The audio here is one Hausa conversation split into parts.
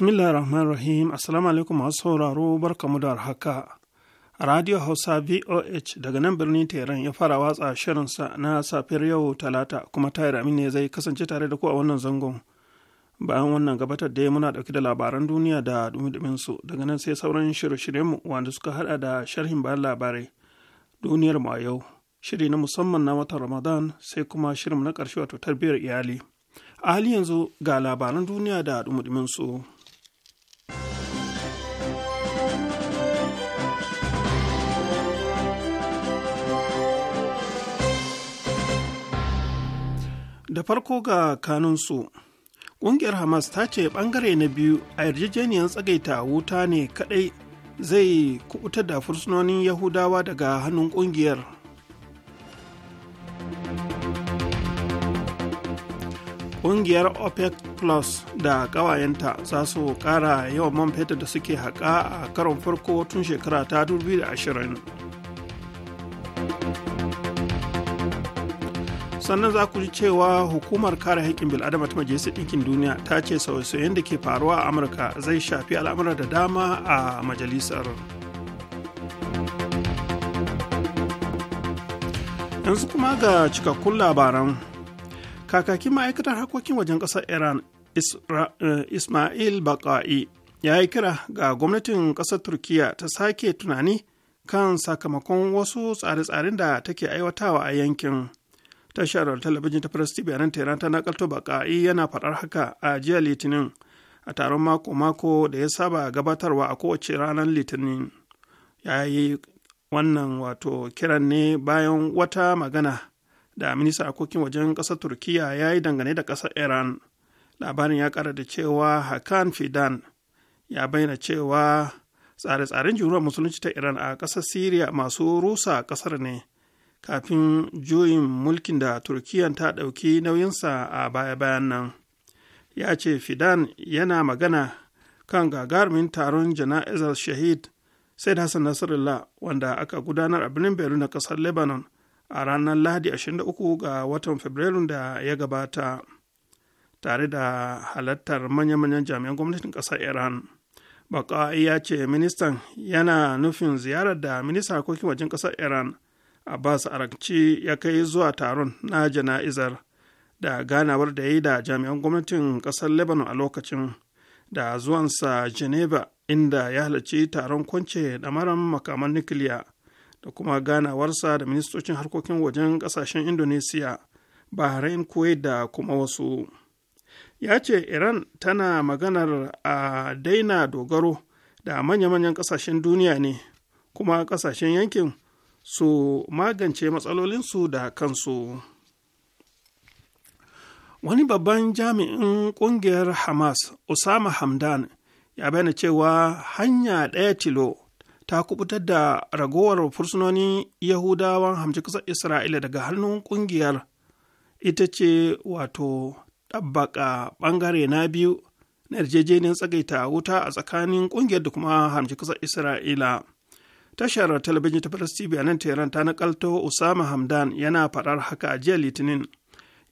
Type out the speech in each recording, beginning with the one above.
bismillah rahim assalamu alaikum masu sauraro barkamu da haka radio hausa voh daga nan birnin tehran ya fara watsa shirinsa na safiyar yau talata kuma tayar amin ne zai kasance tare da ku a wannan zangon bayan wannan gabatar da muna dauki da labaran duniya da dumi daga nan sai sauran shirye-shiryenmu wanda suka hada da sharhin bayan labarai duniyar mu a yau shiri na musamman na watan ramadan sai kuma shirin na karshe wato tarbiyyar iyali a hali yanzu ga labaran duniya da dumidiminsu. su da farko ga kanunsu ƙungiyar hamas ta ce ɓangare na biyu a yarjejeniyar tsagaita wuta ne kaɗai zai kubutar da fursunonin yahudawa daga hannun ƙungiyar ƙungiyar opec plus da ƙawayenta za su ƙara yawan man fetur da suke haƙa a karon farko tun shekara ta 2020 sannan za ku ji cewa hukumar kare haƙƙin bil'adama ta majalisar ɗinkin duniya ta ce sauye-sauyen da ke faruwa a amurka zai shafi al'amura da dama a majalisar yanzu kuma ga cikakkun labaran kakakin ma'aikatar harkokin wajen ƙasar iran eh, ismail baka'i ya yi kira ga gwamnatin ƙasar turkiya ta sake tunani kan sakamakon wasu tsare-tsaren da take aiwatawa a yankin tashar talabijin ta press tv nan tehran ta nakalto baka'i yana faɗar haka a jiya litinin a taron mako-mako da ya saba gabatarwa a kowace ranar litinin ya yi wannan wato kiran ne bayan wata magana da minista harkokin wajen kasar turkiya ya yi dangane da kasar iran labarin ya ƙara da cewa hakan fidan ya bayyana cewa tsare-tsaren jumhuriyar musulunci ta iran a kasar syria masu rusa ƙasar ne kafin juyin mulkin da turkiyya ta ɗauki nauyinsa a baya-bayan nan ya ce fidan yana magana kan gagarumin taron jana'izar shahid said hassan nasarallah wanda aka gudanar a birnin beru na kasar lebanon a ranar lahadi 23 ga watan fabrairu da ya gabata tare da halartar manya-manyan jami'an gwamnatin ƙasar iran baka ya ce ministan yana nufin ziyarar da ministan harkokin wajen ƙasar iran abbas arakci ya kai zuwa taron na jana'izar da ganawar da ya yi da jami'an gwamnatin ƙasar lebanon a lokacin da zuwansa geneva inda ya halarci taron kwance da ɗamaran makaman nukiliya da kuma ganawarsa da ministocin harkokin wajen ƙasashen indonesiya bahrain kuwait da kuma wasu ya ce iran tana maganar a daina dogaro da manya-manyan ƙasashen duniya ne kuma ƙasashen yankin su magance matsalolinsu da kansu wani babban jami'in ƙungiyar hamas osama hamdan ya bayyana cewa hanya ɗaya tilo ta kubutar da ragowar fursunoni yahudawan hamci ƙasar isra'ila daga hannun ƙungiyar ita ce wato ɗabbaƙa ɓangare na biyu na yarjejeniyar tsagaita wuta a tsakanin ƙungiyar da kuma hamci ƙasar isra'ila tashar talabijin ta Faras TV a nan teran ta nakalto Usama Hamdan yana faɗar haka a jiya Litinin.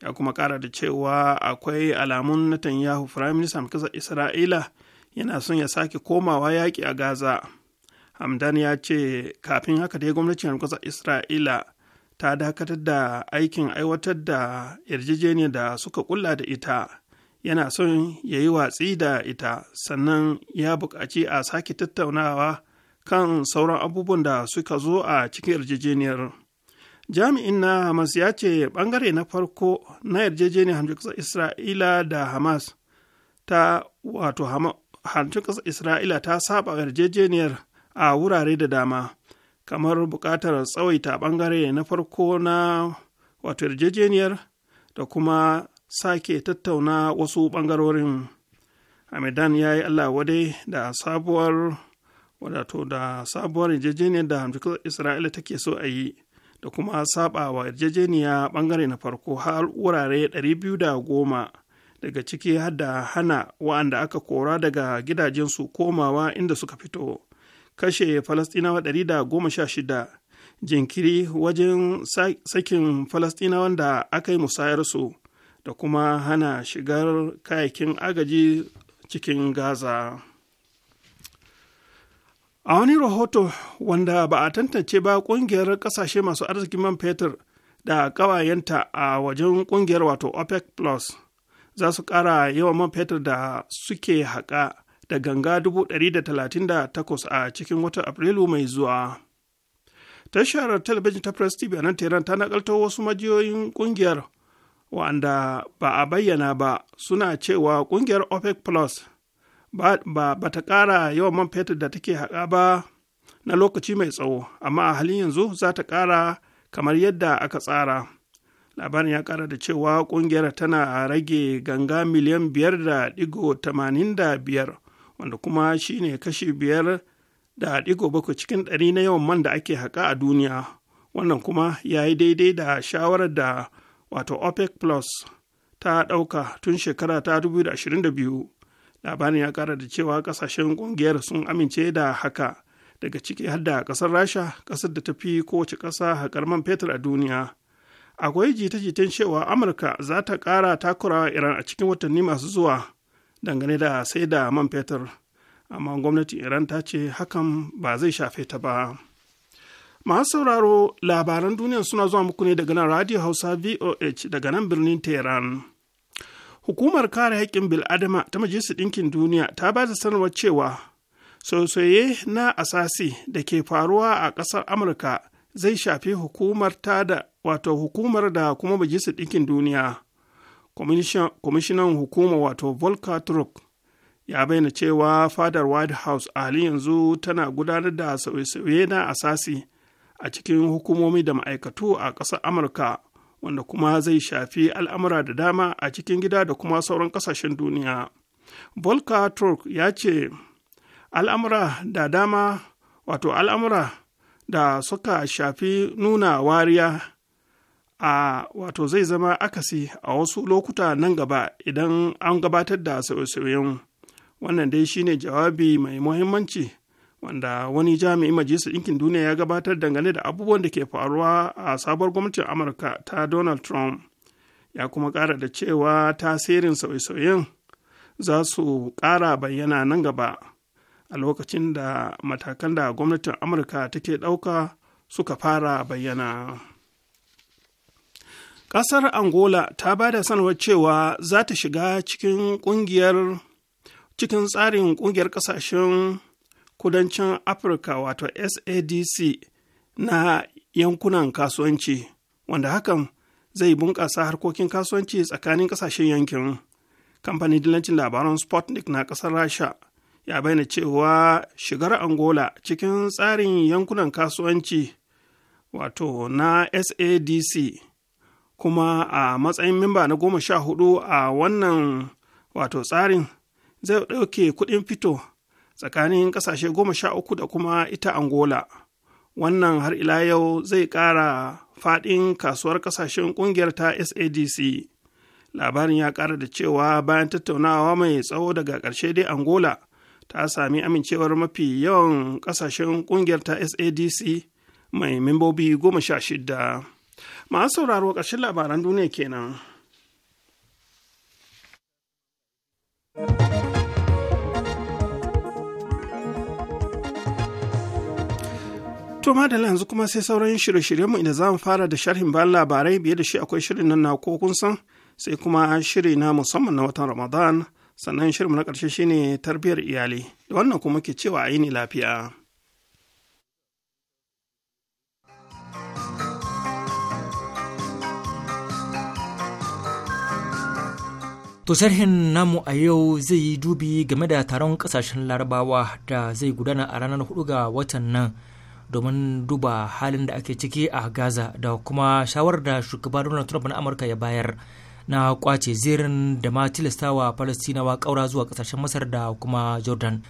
Ya kuma ƙara da cewa akwai alamun yahu Firayim minister kasar Isra'ila yana son ya sake komawa yaki a Gaza. Hamdan ya ce kafin haka dai gwamnatin kasar Isra'ila ta dakatar da aikin aiwatar da yarjejeniyar da suka kulla da ita. yana son ya yi watsi da ita sannan ya buƙaci a sake tattaunawa kan sauran abubuwan da suka zo a cikin yarjejeniyar jami'in na hamas ya ce bangare na farko na yarjejeniyar hamsin isra'ila da hamas ta wato hamsin isra'ila ta saba yarjejeniyar a wurare da dama kamar buƙatar tsawaita bangare na farko na wato yarjejeniyar da kuma sake tattauna wasu ɓangarorin hamidan ya yi allah wadai da sabuwar wadato da sabuwar yarjejeniyar da hamdukar isra'ila take so a yi da kuma saba wa yarjejeniya bangare na farko har wurare 210 daga ciki har da hana wa'anda aka kora daga gidajensu komawa inda suka fito kashe falastinawa 116 jinkiri wajen sakin falastinawan da aka yi musayarsu da kuma hana shigar kayakin agaji cikin gaza a wani rahoto wanda ba a tantance ba kungiyar kasashe masu arzikin man fetur da ƙawayenta a wajen kungiyar wato opec plus za su ƙara yawan man fetur da suke haƙa da ganga 138 a cikin watan afrilu mai zuwa tashar talabijin ta press tv a nan tehran ta nakalto wasu majiyoyin kungiyar wanda ba a bayyana ba suna cewa kungiyar opec plus ba ta ƙara yawan man fetur da take haƙa ba na lokaci mai tsawo amma a halin yanzu za ta ƙara kamar yadda aka tsara labarin ya ƙara da cewa ƙungiyar tana rage ganga miliyan biyar da digo tamanin da biyar wanda kuma shine kashi biyar da digo bakwai cikin ɗari na yawan man da ake haƙa a duniya wannan kuma ya yi daidai da shawarar da wato opec plus ta ɗauka tun shekara ta 2022 labarin ya kara da cewa kasashen kungiyar sun amince da haka daga ciki har da kasar rasha kasar da ta fi kowace kasa haƙar man fetur a duniya akwai jita-jitan cewa amurka za ta kara takurawa iran a cikin watanni masu zuwa dangane da sai da man fetur amma gwamnatin iran ta ce hakan ba zai shafe ta ba masu sauraro labaran duniya suna zuwa muku ne daga nan radio hausa voh daga nan birnin tehran Hukumar kare haƙƙin bil'adama ta Majalisar Ɗinkin Duniya ta ba da sanarwar cewa sosoye na asasi da ke faruwa a ƙasar Amurka zai shafi hukumar ta da wato hukumar da kuma Majalisar Ɗinkin Duniya. Kwamishinan hukuma wato Volker Turk ya bayyana cewa fadar White House a halin yanzu tana gudanar da sauye-sauye na asasi a cikin hukumomi da ma'aikatu a ƙasar Amurka. wanda kuma zai shafi al'amura da dama a cikin gida da kuma sauran kasashen duniya. Volka Turk ya ce, al'amura da dama wato al'amura da suka shafi nuna wariya a wato zai zama akasi a wasu lokuta nan gaba idan an gabatar da sauye-sauyen wannan dai shine jawabi mai muhimmanci wanda wani jami'in majalisar ɗinkin duniya ya gabatar dangane da abubuwan da ke faruwa a sabuwar gwamnatin amurka ta donald trump ya kuma ƙara da cewa tasirin sauye-sauyen za su ƙara bayyana nan gaba a lokacin da matakan da gwamnatin amurka take ɗauka suka fara bayyana ƙasar angola ta ba da sanarwar cewa za ta shiga cikin ƙungiyar cikin tsarin ƙungiyar ƙasashen kudancin afirka wato sadc na yankunan kasuwanci wanda hakan zai bunƙasa harkokin kasuwanci tsakanin ƙasashen yankin kamfanin dillancin labaran sputnik na ƙasar rasha ya bayyana cewa shigar angola cikin tsarin yankunan kasuwanci wato na sadc kuma a matsayin mimba na goma sha hudu a wannan wato tsarin zai ɗauke kuɗin fito tsakanin ƙasashe goma sha uku da kuma ita angola wannan har ila yau zai ƙara faɗin kasuwar ƙasashen ƙungiyar ta sadc labarin ya ƙara da cewa bayan tattaunawa mai tsawo daga ƙarshe dai angola ta sami amincewar mafi yawan ƙasashen ƙungiyar ta sadc mai membobi goma sha shida masu sauraro ƙarshen labaran duniya kenan. To madalla yanzu kuma sai sauran shirye-shiryenmu inda za mu fara da sharhin bayan labarai biye da shi akwai shirin nan na ko kun san sai kuma shiri na musamman na watan Ramadan sannan shirin na ƙarshe shine tarbiyyar iyali da wannan kuma ke cewa a yi ni lafiya. To sharhin namu a yau zai yi dubi game da taron kasashen larabawa da zai gudana a ranar 4 ga watan nan domin duba halin da ake ciki a gaza da kuma shawarar da shugaba donald trump na amurka ya bayar na kwace zirin da ma tilastawa falastinawa kaura zuwa kasashen masar da kuma jordan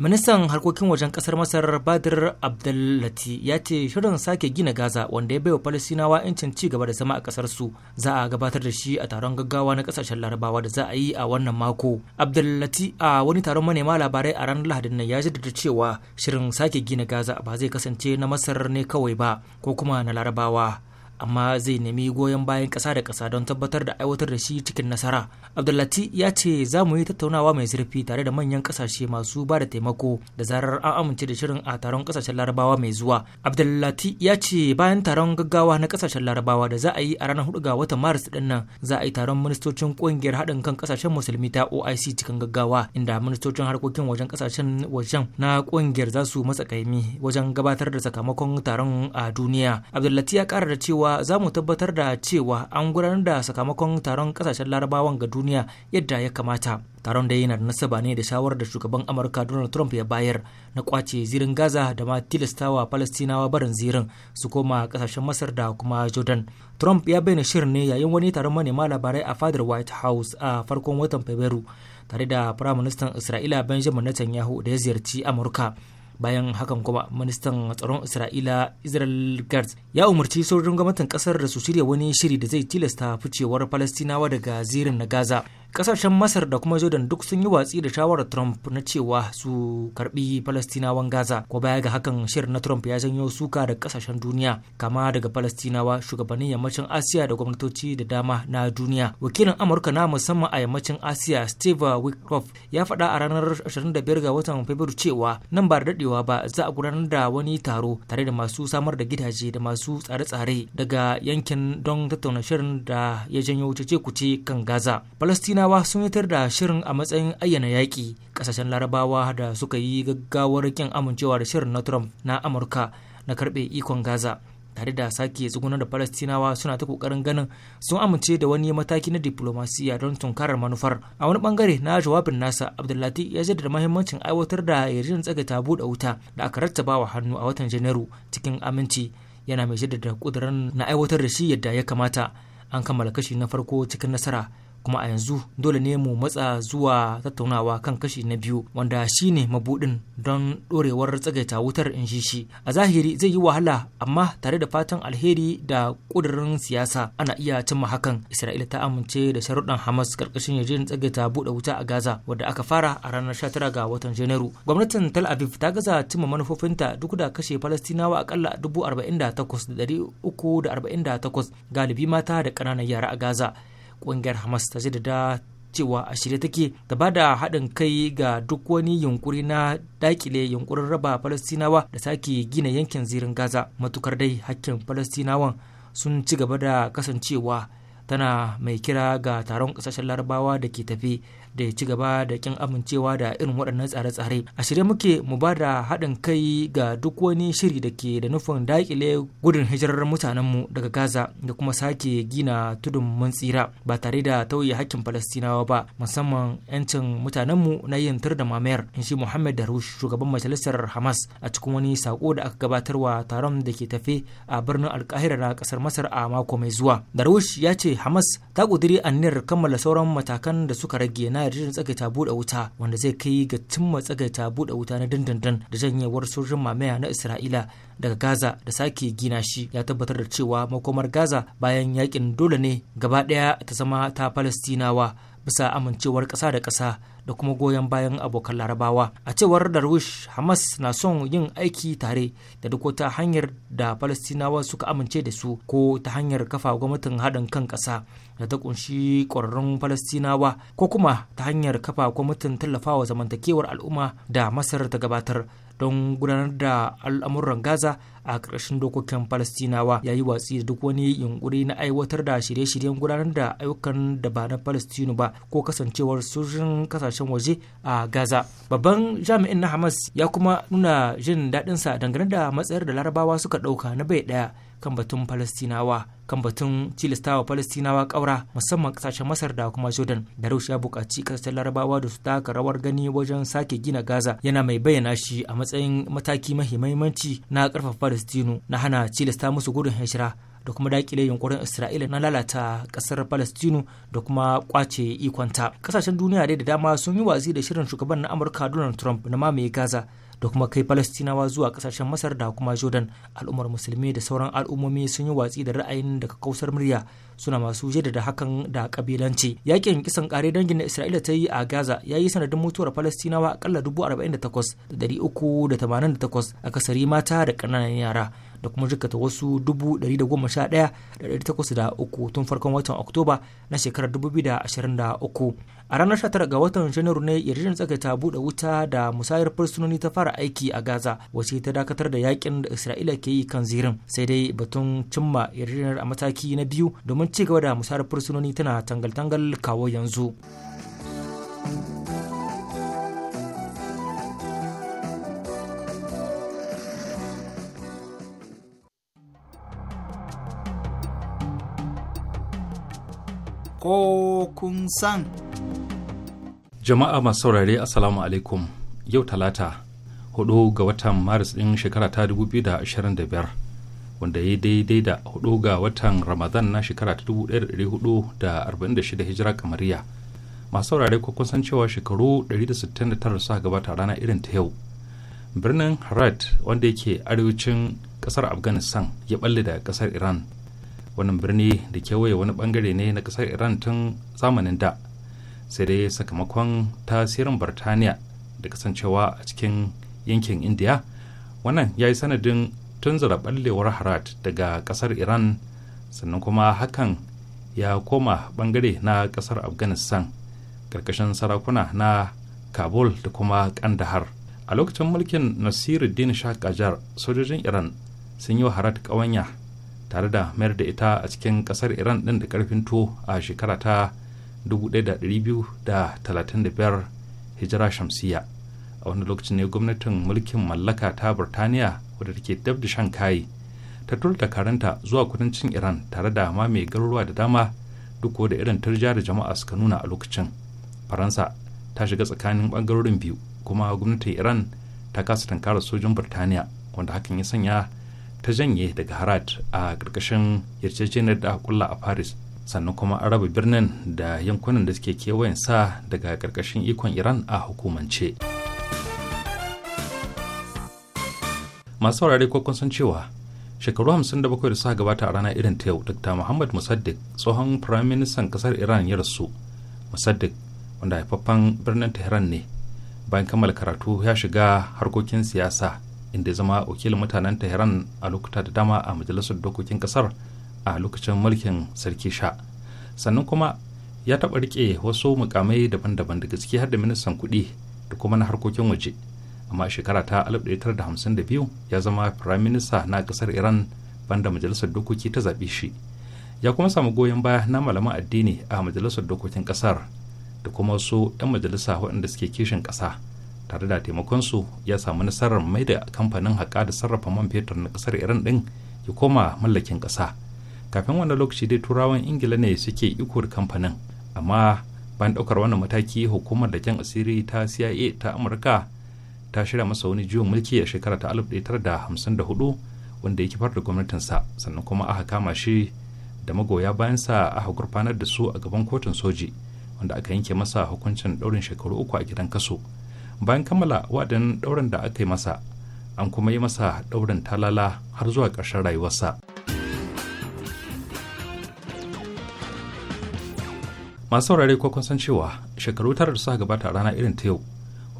ministan harkokin wajen kasar masar badir abdullati ya ce shirin sake gina gaza wanda ya baiwa falasinawa 'yancin ci gaba da zama a kasar su za a gabatar da shi a taron gaggawa na kasashen larabawa da za a yi a wannan mako abdullati a wani taron manema labarai a ranar lahadin nan ya jaddada cewa shirin sake gina gaza ba zai kasance na masar ne kawai ba ko kuma na larabawa amma zai nemi goyon bayan ƙasa da kasa don tabbatar da aiwatar da shi cikin nasara abdullati ya ce za mu yi tattaunawa mai zurfi tare da manyan kasashe masu ba da taimako da zarar an amince da shirin a taron ƙasashen larabawa mai zuwa abdullati ya ce bayan taron gaggawa na kasashen larabawa da za a yi a ranar hudu ga watan maris din nan za a yi taron ministocin ƙungiyar haɗin kan ƙasashen musulmi ta oic cikin gaggawa inda ministocin harkokin wajen ƙasashen wajen na ƙungiyar za su matsa kaimi wajen gabatar da sakamakon taron a duniya abdullati ya kara da cewa za mu tabbatar da cewa an gudanar da sakamakon taron kasashen larabawan ga duniya yadda ya kamata taron da yana da nasaba ne da shawarar da shugaban amurka donald trump ya bayar na kwace zirin gaza da ma tilastawa palestinawa barin zirin su koma kasashen masar da kuma jordan trump ya bayyana shirin ne yayin wani taron manema labarai a fadar white house a farkon watan fabrairu tare da firaministan isra'ila benjamin netanyahu da ya ziyarci amurka bayan hakan kuma ministan tsaron isra'ila israel gertz ya umarci sojojin gwamnatin kasar da su shirya wani shiri da zai tilasta ficewar falastinawa daga zirin na gaza kasashen masar da kuma jordan duk sun yi watsi da shawarar trump na cewa su karbi Palestinawan gaza ko baya ga hakan shirin na trump ya janyo suka da kasashen duniya kama daga Palestinawa, shugabannin yammacin asiya da gwamnatoci da dama na duniya wakilin amurka na musamman a yammacin asiya steve wickoff ya faɗa a ranar 25 ga watan fabrairu cewa nan ba da daɗewa ba za a gudanar da wani taro tare da masu samar da gidaje da masu tsare-tsare daga yankin don tattauna shirin da ya janyo cece-kuce kan gaza palestina Falasɗinawa sun yitar da shirin a matsayin ayyana yaƙi ƙasashen larabawa da suka yi gaggawar kin amincewa da shirin na Trump na Amurka na karɓe ikon Gaza tare da sake tsugunar da falastinawa suna ta ƙoƙarin ganin sun amince da wani mataki na diplomasiya don tunkarar manufar. A wani ɓangare na jawabin nasa Abdullati ya jaddada mahimmancin aiwatar da yarjejin tsagaita buɗe wuta da aka rattabawa hannu a watan Janairu cikin aminci yana mai jaddada ƙudurin na aiwatar da shi yadda ya kamata. an kammala kashi na farko cikin nasara kuma a yanzu dole ne mu matsa zuwa tattaunawa kan kashi na biyu wanda shi ne mabudin don ɗorewar tsagaita wutar in shi shi a zahiri zai yi wahala amma tare da fatan alheri da ƙudurin siyasa ana iya cimma hakan isra'ila ta amince da sharuɗan hamas karkashin jin tsagaita buɗe wuta a gaza wadda aka fara a ranar 19 ga watan janairu gwamnatin tel aviv ta gaza cimma manufofinta duk da kashe falastinawa akalla 48,348 galibi mata da ƙananan yara a gaza ƙungiyar hamas ta da cewa a shirye take da ba da haɗin kai ga duk wani yunkuri na dakile yunkurin raba falastinawa da sake gina yankin zirin gaza matukar dai hakkin falastinawan sun ci gaba da kasancewa tana mai kira ga taron kasashen larabawa da ke tafi da ya ci gaba da kin amincewa da irin waɗannan tsare-tsare a shirye muke mu ba da haɗin kai ga duk wani shiri da ke da nufin daƙile gudun hijirar mutanenmu daga gaza da kuma sake gina tudun mun tsira ba tare da tauye hakkin falastinawa ba musamman 'yancin mutanenmu na yin tur da mamayar in shi muhammad darush shugaban majalisar hamas a cikin wani sako da aka gabatarwa taron da ke tafe a birnin alkahira na kasar masar a mako mai zuwa darush ya ce hamas ta ƙudiri aniyar kammala sauran matakan da suka rage na yarjejen tsagaita buɗe wuta wanda zai kai ga cimma tsagaita buɗe wuta na dindindin da janyewar sojin mamaya na isra'ila daga gaza da sake gina shi ya tabbatar da cewa makomar gaza bayan yakin dole ne gaba ɗaya ta zama ta falastinawa bisa amincewar ƙasa da ƙasa da kuma goyon bayan abokan larabawa a cewar darwish hamas na son yin aiki tare da duk wata hanyar da falastinawa suka amince da su ko ta hanyar kafa gwamnatin haɗin kan ƙasa da ta ƙunshi ƙwararrun falastinawa ko kuma ta hanyar kafa gwamnatin tallafawa zamantakewar al'umma da masar ta gabatar don gudanar da al'amuran gaza a ƙarshen dokokin falastinawa ya yi watsi da duk wani yunkuri na aiwatar da shirye-shiryen gudanar da ayyukan da ba na falastinu ba ko kasancewar sojin kasashen waje a gaza babban jami'in na hamas ya kuma nuna jin daɗinsa dangane da matsayar da larabawa suka ɗauka na bai ɗaya kan batun Falastinawa kan batun tilastawa Falastinawa ƙaura musamman ƙasashen Masar da kuma Jordan da Rush ya buƙaci ƙasashen Larabawa da su taka rawar gani wajen sake gina Gaza yana mai bayyana shi a matsayin mataki mahimmanci na ƙarfafa Falastinu na hana tilasta musu gudun hijira da kuma dakile yunkurin Isra'ila na lalata ƙasar falastinu da kuma kwace ikonta. Ƙasashen duniya dai da dama sun yi watsi da shirin shugaban na Amurka Donald Trump na mamaye Gaza da kuma kai falastinawa zuwa kasashen masar da kuma jordan al'ummar musulmi da sauran al'ummomi sun yi watsi da ra'ayin daga kausar murya suna masu jaddada hakan da kabilanci yakin kisan kare dangin da isra'ila ta yi a gaza ya yi sanadin mutuwar falastinawa akalla dubu akasari mata da ƙananan yara da kuma jikata wasu 111,803 tun farkon watan oktoba na shekarar 2023 a ranar 19 ga watan janairu ne yarjejen tsakaita buɗe wuta da musayar fursunoni ta fara aiki a gaza wacce ta dakatar da yakin da isra'ila ke yi kan zirin sai dai batun cimma yarjejenar a mataki na biyu domin ci gaba da musayar fursunoni tana tangal-tangal kawo yanzu. ko kun san. Jama'a masu saurare Assalamu alaikum yau talata hudu ga watan Maris ɗin shekara ta 2025 wanda ya daidai da hudu ga watan Ramadan na shekara ta 1446 hijira kamariya. Masu saurare ko kun san cewa shekaru 169 suka gabata rana irin ta yau. Birnin Herat wanda yake arewacin ƙasar Afghanistan ya balle da ƙasar Iran wannan birni da kewaye wani bangare ne na kasar iran tun zamanin da sai dai sakamakon tasirin birtaniya da kasancewa a cikin yankin indiya wannan ya yi sanadin tunzura ballewar harat daga kasar iran sannan kuma hakan ya koma bangare na kasar afghanistan karkashin sarakuna na kabul da kuma kandahar a lokacin mulkin nasiruddin shah qajar sojojin iran sun yi wa harat ƙawanya tare da mayar da ita a cikin kasar iran din da karfin to a shekara ta 1235 hijira shamsiya a wani lokacin ne gwamnatin mulkin mallaka ta burtaniya wadda take dab da shan kayi ta da karanta zuwa kudancin iran tare da ma mai garuruwa da dama duk da irin turja da jama'a suka nuna a lokacin faransa ta shiga tsakanin bangarorin biyu kuma gwamnatin iran ta kasa tankara sojin burtaniya wanda hakan ya sanya ta janye daga harad a ƙarƙashin yarjejeniyar da kulla a paris sannan kuma an raba birnin da yankunan da suke kewayen sa daga ƙarƙashin ikon iran a hukumance masu wurare ko san cewa shekaru 57 da suka gabata a rana irin ta yau dr muhammad musaddiq tsohon firaministan kasar iran ya rasu musaddiq wanda haifaffen birnin tehran ne bayan kammala karatu ya shiga harkokin siyasa inda ya zama wakilin mutanen tehran a lokuta da dama a majalisar dokokin kasar a lokacin mulkin sarki sha sannan kuma ya taɓa rike wasu mukamai daban-daban daga ciki har da ministan kuɗi da kuma na harkokin waje amma a shekara ta 1952 ya zama firayim minista na kasar iran banda majalisar dokoki ta zaɓe shi ya kuma samu goyon baya na malaman addini a majalisar dokokin kasar da kuma wasu 'yan majalisa waɗanda suke kishin ƙasa tare da taimakon su ya samu nasarar mai da kamfanin haƙa da sarrafa man fetur na ƙasar iran ɗin ya koma mallakin ƙasa kafin wannan lokaci dai turawan ingila ne suke iko da kamfanin amma bayan ɗaukar wannan mataki hukumar da kyan asiri ta cia ta amurka ta shirya masa wani juyin mulki a shekara ta 1954 wanda ya kifar da gwamnatinsa sannan kuma aka kama shi da magoya bayansa aka gurfanar da su a gaban kotun soji wanda aka yanke masa hukuncin ɗaurin shekaru uku a gidan kaso bayan kammala wa'adin ɗaurin da aka yi masa an kuma yi masa ɗaurin talala har zuwa ƙarshen rayuwarsa masu saurare ko kun san cewa shekaru tara da suka gabata a rana irin ta yau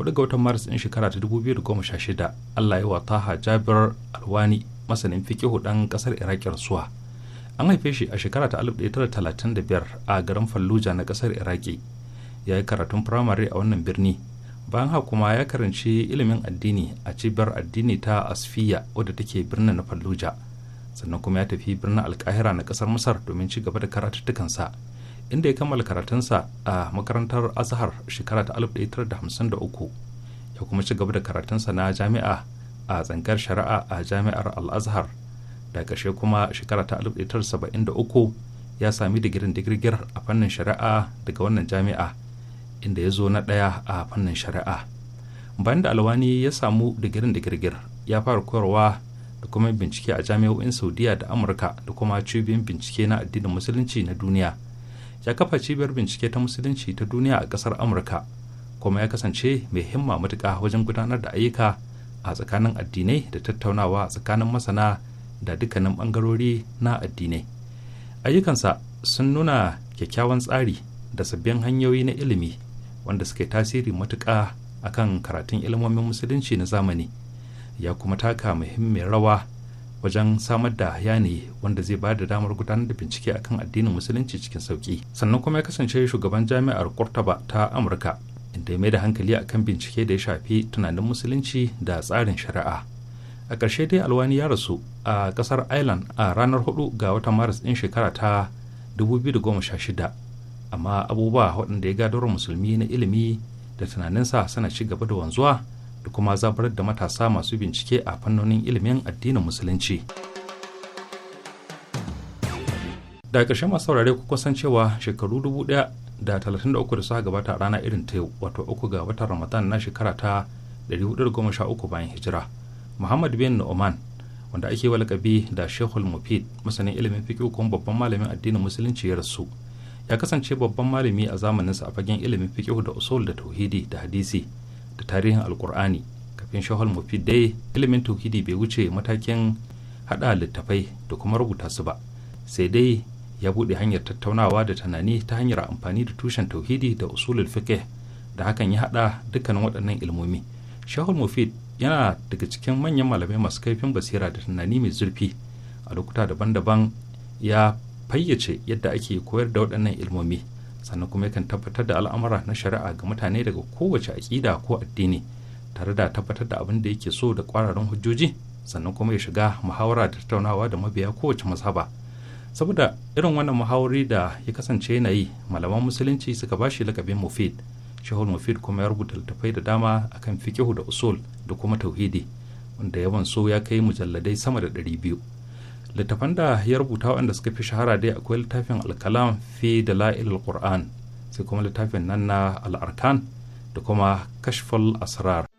hudu ga watan maris din shekara ta 2016 allah ya wa taha jabir alwani masanin fikihu dan kasar iraki rasuwa an haife shi a shekara ta 1935 a garin fallujah na kasar iraki ya yi karatun firamare a wannan birni bayan haka kuma ya karanci ilimin addini a cibiyar addini ta asfiya wadda take birnin na falluja sannan kuma ya tafi birnin alkahira na kasar masar domin ci gaba da karatuttukansa inda ya kammala karatunsa a makarantar azhar shekara ta 1953 ya kuma ci gaba da karatunsa na jami'a a tsangar shari'a a jami'ar al-azhar da ƙarshe kuma shekara ta 1973 ya sami digirin digirgir a fannin shari'a daga wannan jami'a inda ya zo na ɗaya a fannin shari'a bayan da alwani ya samu digirin da girgir ya fara koyarwa da kuma bincike a jami'o'in saudiya da amurka da kuma cibiyar bincike na addinin musulunci na duniya ya kafa cibiyar bincike ta musulunci ta duniya a ƙasar amurka kuma ya kasance mai himma matuƙa wajen gudanar da ayyuka a tsakanin addinai da tattaunawa tsakanin masana da dukkanin bangarori na addinai ayyukansa sun nuna kyakkyawan tsari da sabbin hanyoyi na ilimi wanda suka yi tasiri matuƙa kan karatun ilmomin musulunci na zamani ya kuma taka muhimmin rawa wajen samar da yani wanda zai bada damar gudanar da bincike akan addinin musulunci cikin sauki sannan kuma ya kasance shugaban jami'ar kurtaba ta amurka inda ya mai da hankali akan bincike da ya shafi tunanin musulunci da tsarin shari'a a ƙarshe dai alwani ya rasu a ƙasar ireland a ranar 4 ga watan maris ɗin shekara ta 2016 amma abubuwa waɗanda ya gadar musulmi na ilimi da tunaninsa suna ci gaba da wanzuwa da kuma zabar da matasa masu bincike a fannonin ilimin addinin musulunci da ƙarshen masu saurare kuka san cewa shekaru dubu ɗaya da talatin da uku da suka gabata a rana irin ta yau wato uku ga watan ramadan na shekara ta uku bayan hijira muhammad bin nu'man wanda ake walakabi da shehul mufid masanin ilimin fiƙi kuma babban malamin addinin musulunci ya rasu ya kasance babban malami a zamaninsa a fagen ilimin fiqihu da usul da tauhidi da hadisi da tarihin alkur'ani kafin shahol mufid dai ilimin tauhidi bai wuce matakin haɗa littafai da kuma rubuta su ba sai dai ya buɗe hanyar tattaunawa da tunani ta hanyar amfani da tushen tauhidi da usulul fiqh da hakan ya haɗa dukkanin waɗannan ilmomi shahul mufid yana daga cikin manyan malamai masu kaifin basira da tunani mai zurfi a lokuta daban-daban ya fayyace yadda ake koyar da waɗannan ilmomi sannan kuma yakan tabbatar da al'amura na shari'a ga mutane daga kowace aƙida ko addini tare da tabbatar da abin da yake so da ƙwararrun hujjoji sannan kuma ya shiga muhawara da tattaunawa da mabiya kowace mazhaba saboda irin wannan muhawari da ya kasance yana yi malaman musulunci suka ba shi lakabin mufid shehul mufid kuma ya rubuta littattafai da dama akan fiqihu da usul da kuma tauhidi wanda yawan so ya kai mujalladai sama da ɗari biyu. littafan da ya rubuta wanda suka fi shahara dai akwai littafin alkalam fi dala'il qur'an sai kuma littafin nan na al'arkan da kuma kashful asrar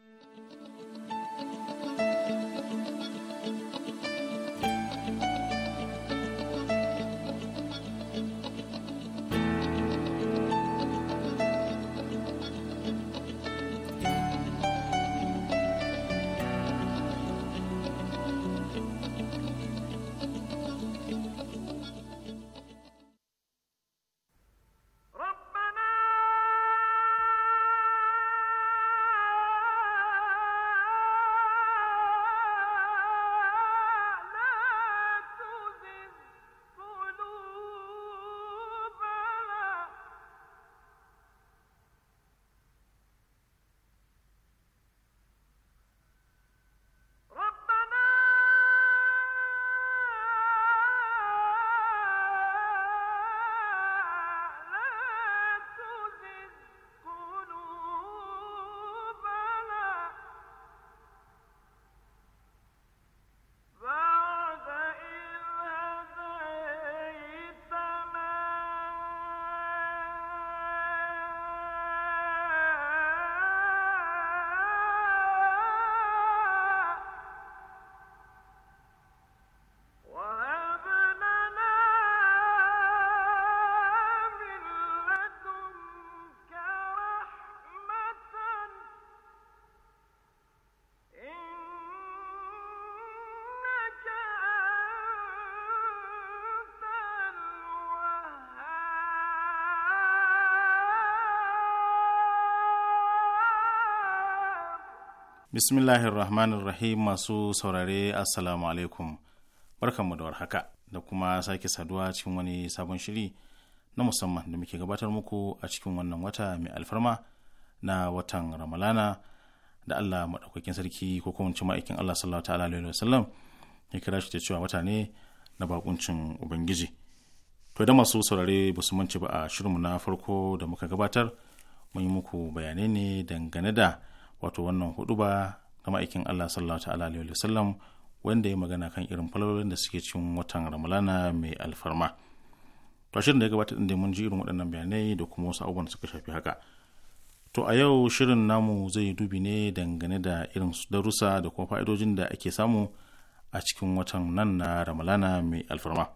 Bismillahir Rahmanir Rahim masu saurare Assalamu alaikum. Barkanmu da warhaka da kuma sake saduwa cikin wani sabon shiri na musamman da muke gabatar muku a cikin wannan wata mai alfarma na watan Ramalana da Allah maɗaukakin sarki ko kuma ci ma'aikin Allah sallallahu ta'ala alaihi wasallam ya kira shi da cewa wata ne na bakuncin Ubangiji. To da masu saurare ba su manci ba a shirinmu na farko da muka gabatar mun yi muku bayanai ne dangane da wato wannan huduba ga ma'aikin Allah sallallahu ta'ala alaihi wa sallam wanda ya magana kan irin falalolin da suke cikin watan Ramalana mai alfarma. To shirin da ya gabata din mun ji irin waɗannan bayanai da kuma wasu abubuwan suka shafi haka. To a yau shirin namu zai dubi ne dangane da irin darussa da kuma fa'idojin da ake samu a cikin watan nan na Ramalana mai alfarma.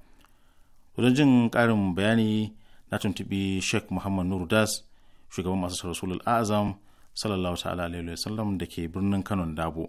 Wajen jin ƙarin bayani na tuntuɓi Sheikh Muhammad Nur Das, shugaban masu rasulul azam sallallahu ta'ala alaihi wasallam da ke birnin kanon dabo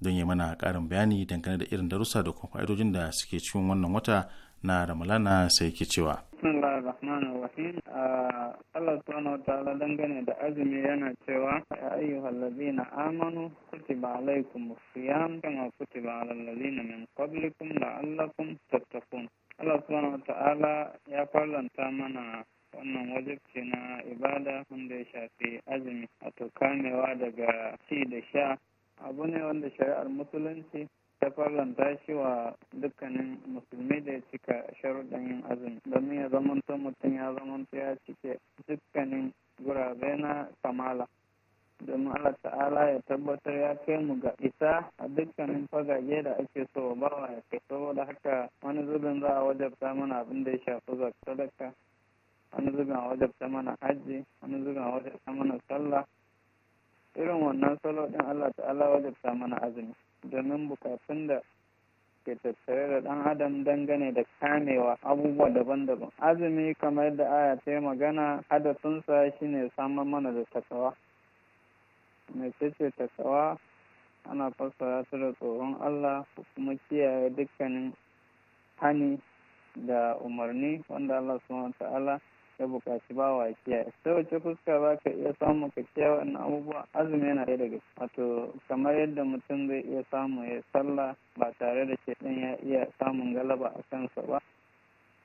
don ya mana karin bayani dangane da irin darussa da kuma fa'idojin da suke cikin wannan wata na ramalana sai ke cewa bismillahir rahim ah, Allah subhanahu wataala dangane da azumi yana cewa ya ayyuhal ladina amanu kutiba alaykum as-siyam kama kutiba alal ladina min qablikum la'allakum tattaqun Allah subhanahu wataala ya farlanta mana wannan wajibci na ibada wanda ya shafi azumi a kamewa daga ci da sha abu ne wanda shari'ar musulunci ta farlanta shi wa dukkanin musulmi da ya cika sharuɗan yin azumi domin ya zamanto mutum ya zamanto ya cike dukkanin gurabe na kamala domin Allah ta'ala ya tabbatar ya kai mu ga isa a dukkanin fagage da ake so bawa ya kai saboda haka wani zubin za a wajabta mana abin da ya shafi zakka wani zubin a wajabta mana hajji wani zubin a wajabta mana sallah irin wannan salo ɗin allah ta'ala wajabta mana azumi domin bukatun da ke tattare da dan adam dangane da kamewa abubuwa daban-daban azumi kamar da aya ta yi magana shi shine samar mana da takawa mai takawa ana fassara su da tsoron allah ko kuma kiyaye dukkanin hani da umarni wanda allah subhanahu ta'ala ka buƙaci bawa wa kiyaye ta wace fuska za ka iya samun ka kiyaye wannan abubuwa azumi yana ɗaya daga wato kamar yadda mutum zai iya samu ya sallah ba tare da shaidan ya iya samun galaba a kansa ba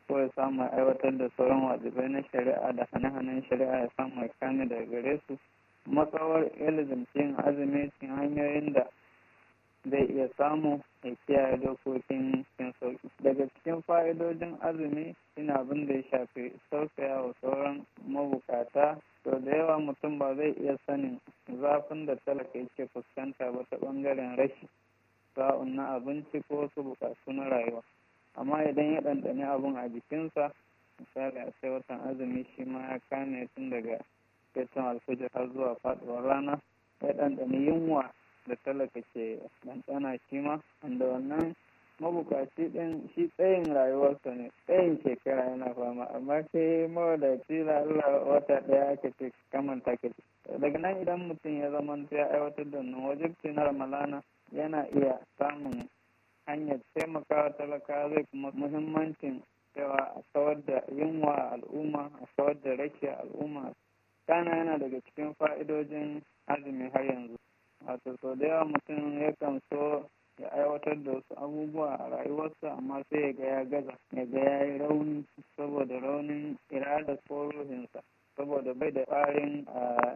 ko ya samu aiwatar da sauran wajibai na shari'a da hane-hanen shari'a ya samu ya kame daga gare su matsawar ilizin yin azumi cikin hanyoyin da zai iya samu ya kiyaye dokokin cikin sauki. Daga cikin fa'idojin azumi shine abin da ya shafi sauƙaya wa sauran mabukata to da yawa mutum ba zai iya sanin zafin da talaka yake fuskanta ba ta ɓangaren rashi sa'un na abinci ko wasu buƙatu na rayuwa amma idan ya ɗanɗani abin a jikinsa misali a sai watan azumi shi ma ya kame tun daga fetan alfijir har zuwa faɗuwar rana ya ɗanɗani yunwa da talaka ke ɗanɗana shi ma wanda wannan mabukaci ɗin shi tsayin rayuwarsa ne tsayin shekara yana fama amma sai mawadaci da Allah wata ɗaya aka ce kamanta ka daga nan idan mutum ya zama ya aiwatar da nan wajen na ramalana yana iya samun hanyar taimakawa talaka zai kuma muhimmancin cewa a kawar da yunwa al'umma a kawar da rashin al'umma kana yana daga cikin fa'idojin azumi har yanzu wato sau da yawa mutum yakan so ya aiwatar da wasu abubuwa a rayuwarsa amma sai ya ga gaza ya ga ya yi rauni saboda raunin irada ko ruhinsa saboda bai da ƙwarin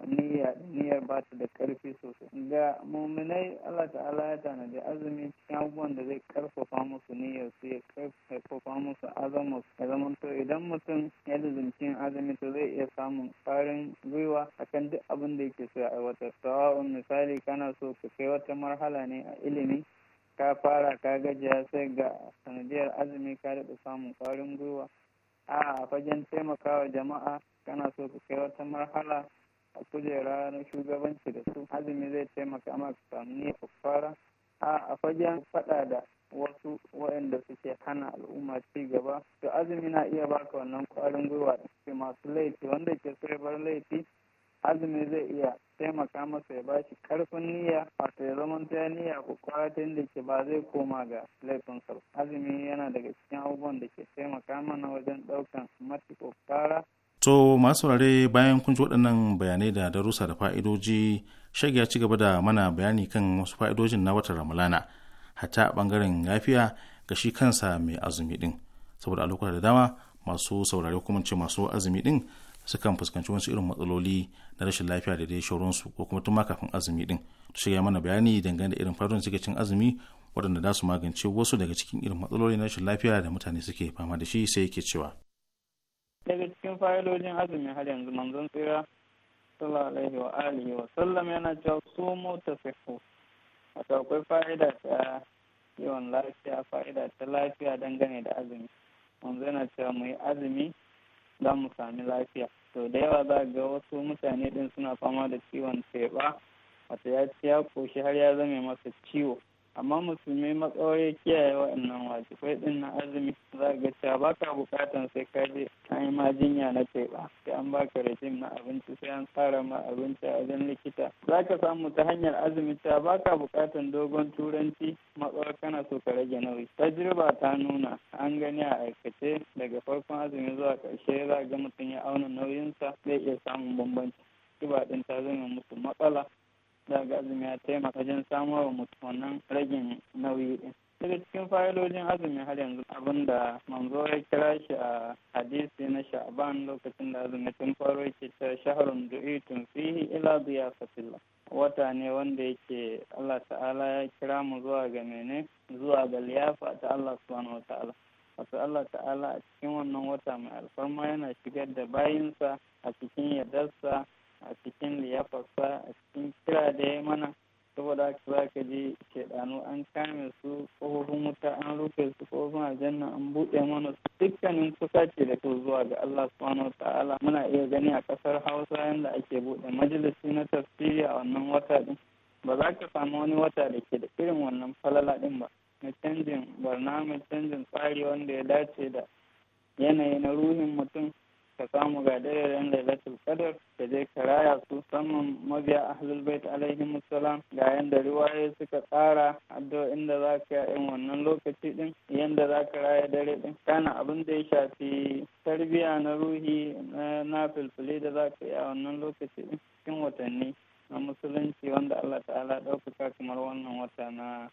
niyya niyyar ba ta da karfi sosai ga muminai Allah ta'ala ya tanadi azumi cikin abubuwan da zai karfafa musu niyyar su ya karfafa musu azamus ya zama to idan mutum ya zumcin azumi to zai iya samun tsarin gwiwa akan duk abin da yake so ya aiwatar sawa'un misali kana so ka kai wata marhala ne a ilimi ka fara ka gajiya sai ga sanadiyar azumi ka daɗa samun ƙwarin gwiwa a fagen taimakawa jama'a kana so ka kai wata marhala a kujera na shugabanci da su azumi zai taimaka ma ka samu ne fara a fagen faɗa da wasu waɗanda suke hana al'umma ci gaba to azumi na iya baka wannan kwarin gwiwa da masu laifi wanda ke sai bar laifi azumi zai iya taimaka masa ya bashi karfin niyya wato ya zama ta niyya ko kwatin da ke ba zai koma ga laifinsa sau azumi yana daga cikin abubuwan da ke taimaka mana wajen ɗaukan matuƙo fara. to masu saurare bayan kun ji waɗannan bayanai da darussa da fa'idoji shag ya ci gaba da mana bayani kan wasu fa'idojin na watan ramalana hatta bangaren lafiya ga shi kansa mai azumi din saboda a lokuta da dama masu saurare kuma ce masu azumi din sukan fuskanci wasu irin matsaloli na rashin lafiya da dai shauransu ko kuma tun ma kafin azumi din ta shirya mana bayani dangane da irin farin suke cin azumi waɗanda za su magance wasu daga cikin irin matsaloli na rashin lafiya da mutane suke fama da shi sai yake cewa daga cikin fa'ilolin azumi har yanzu manzon tsira sallallahu alaihi wa alihi wa sallam yana cewa su tasihu wato akwai fa'ida ta yawan lafiya fa'ida ta lafiya dangane da azumi manzo yana cewa mu yi azumi za mu sami lafiya sau da yawa za ga wasu mutane din suna fama da ciwon teba wato ya ciya ya koshi har ya zame masa ciwo amma musulmi matsawar ya kiyaye waɗannan wajibai ɗin na azumi za ga cewa ka bukatan sai ka je an yi ma jinya na teɓa sai an ba ka rajim na abinci sai an tsara ma abinci a wajen likita za ka samu ta hanyar azumi cewa ka bukatan dogon turanci matsawar kana so ka rage nauyi tajriba ta nuna an gani a aikace daga farkon azumi zuwa ƙarshe za ga mutum ya auna nauyinsa zai iya samun bambanci kiba ɗin ta zama musu matsala daga azumi ya taimaka jin samuwar wa mutum wannan ragin nauyi din daga cikin fa'ilolin azumi har yanzu abin da manzo ya kira shi a hadisi na sha'ban lokacin da azumi tun faro yake ta shaharun du'itun fihi ila diyafatillah wata ne wanda yake Allah ta'ala ya kira mu zuwa ga mene zuwa ga liyafa ta Allah subhanahu wa ta'ala wato Allah ta'ala a cikin wannan wata mai alfarma yana shigar da bayinsa a cikin yardarsa a cikin liyafarsa a cikin kira da ya mana saboda haka za ka ji shaidanu an kame su tsohon wuta an rufe su tsohon aljanna an buɗe mana su dukkanin kusa ce da to zuwa ga Allah subhanahu ta'ala muna iya gani a ƙasar Hausa yadda ake buɗe majalisi na tafsiri a wannan wata din ba za ka samu wani wata da ke da irin wannan falala din ba na canjin mai canjin tsari wanda ya dace da yanayi na ruhin mutum ka samu ga daren lailatul qadar ka je ka raya su saman mabiya ahlul bait alaihi salam ga yanda riwaye suka tsara addu'a da za ka yi wannan lokaci din yanda za ka raya dare din kana abin da ya shafi tarbiya na ruhi na filfili da za ka yi a wannan lokaci din cikin watanni na musulunci wanda Allah ta'ala ɗaukaka kamar wannan wata na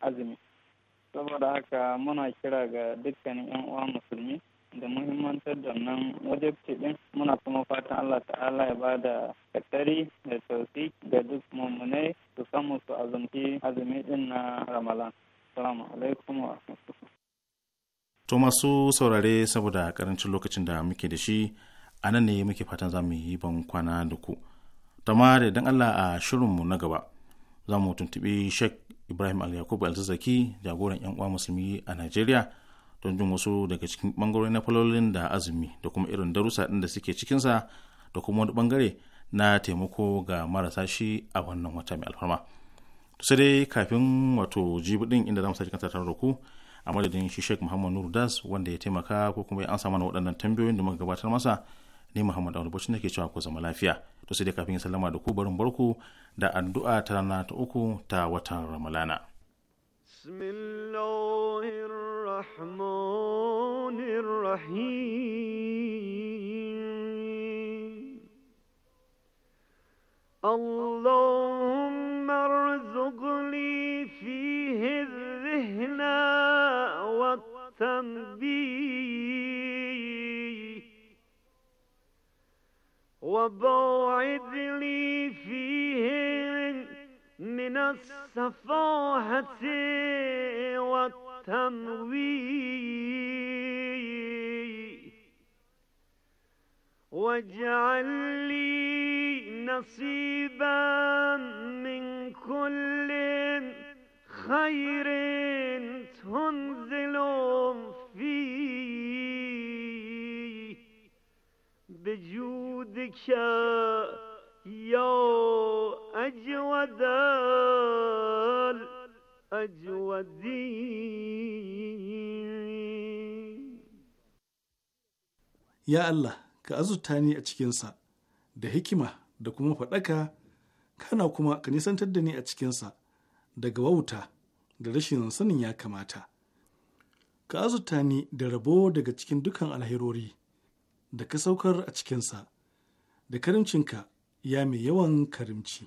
azumi saboda haka muna kira ga dukkanin 'yan uwa musulmi da muhimmantar da nan wajabci din muna kuma fatan Allah ta'ala ya ba da tattari da sauki ga duk mummunai su samu su azumci azumi din na ramalan salamu alaikum wa to masu saurare saboda karancin lokacin da muke da shi a nan ne muke fatan za mu yi ban kwana da ku da dan Allah a shirinmu na gaba za mu tuntuɓi Sheikh Ibrahim al yakubu Al-Zazaki jagoran 'yan uwa musulmi a Najeriya don jin wasu daga cikin bangarori na falolin da azumi da kuma irin darussa din da suke cikinsa da kuma wani bangare na taimako ga marasa shi a wannan wata mai alfarma to sai dai kafin wato jibi ɗin inda za mu sake kanta tare da ku a madadin shi sheik muhammad nuru das wanda ya taimaka ko kuma ya ansa mana waɗannan tambayoyin da muka gabatar masa ni muhammad awal bacci nake cewa ku zama lafiya to sai dai kafin ya sallama da ku barin barku da addu'a ta rana ta uku ta watan ramalana. بسم الله الرحمن الرحيم اللهم ارزق لي فيه الذهن والتنبيه وباعد لي فيه من الصفاحة والتمويه واجعل لي نصيبا من كل خير تنزل في بجودك يا أجود Allah يا الله ni a cikinsa, da hikima da kuma faɗaka kana kuma ka nisantar da ni a cikinsa daga wauta da rashin sanin ya kamata ka azuta ni da rabo daga cikin dukan alherori da ka saukar a cikinsa da karimcinka ya mai yawan karimci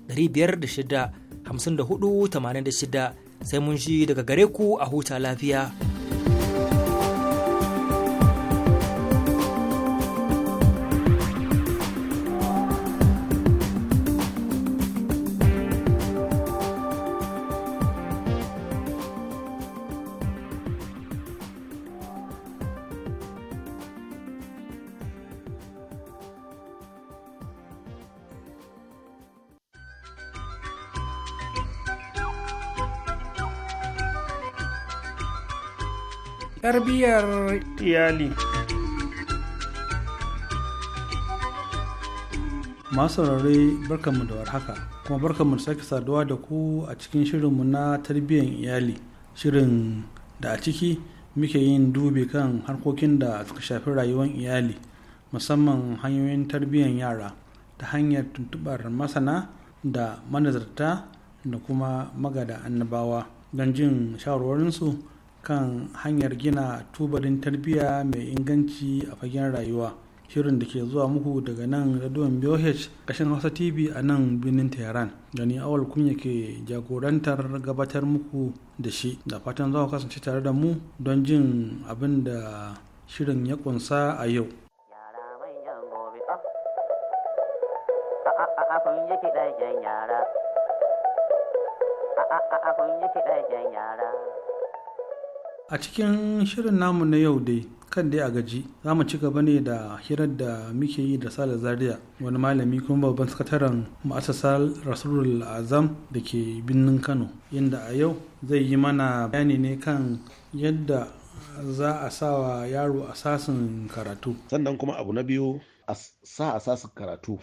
da 86 sai mun shi daga gare ku a huta lafiya. tarbiyyar iyali masu saurare barkanmu da warhaka kuma barkanmu da sake saduwa da ku a cikin shirinmu na tarbiyyar iyali shirin da a ciki muke yin dubi kan harkokin da suka shafi rayuwar iyali musamman hanyoyin tarbiyyar yara ta hanyar tuntubar masana da manazarta da kuma magada annabawa don jin shawarwarinsu kan hanyar gina tubalin tarbiyya mai inganci a fagen rayuwa shirin da ke zuwa muku daga nan radiyon BOH kashin Hausa TV a nan birnin Tehran gani ni awal kunya ke jagorantar gabatar muku da shi da fatan za ku kasance tare da mu don jin abin da shirin ya kunsa a yau. yara a cikin shirin namu na yau dai kan dai a gaji za mu ci gaba ne da hirar da muke yi da sale zaria wani malami kuma babban sakataren ma'asasar rasulul azam da ke birnin kano inda a yau zai yi mana bayani ne kan yadda za a sa wa yaro asasin karatu sannan kuma abu na biyu a sa asasin karatu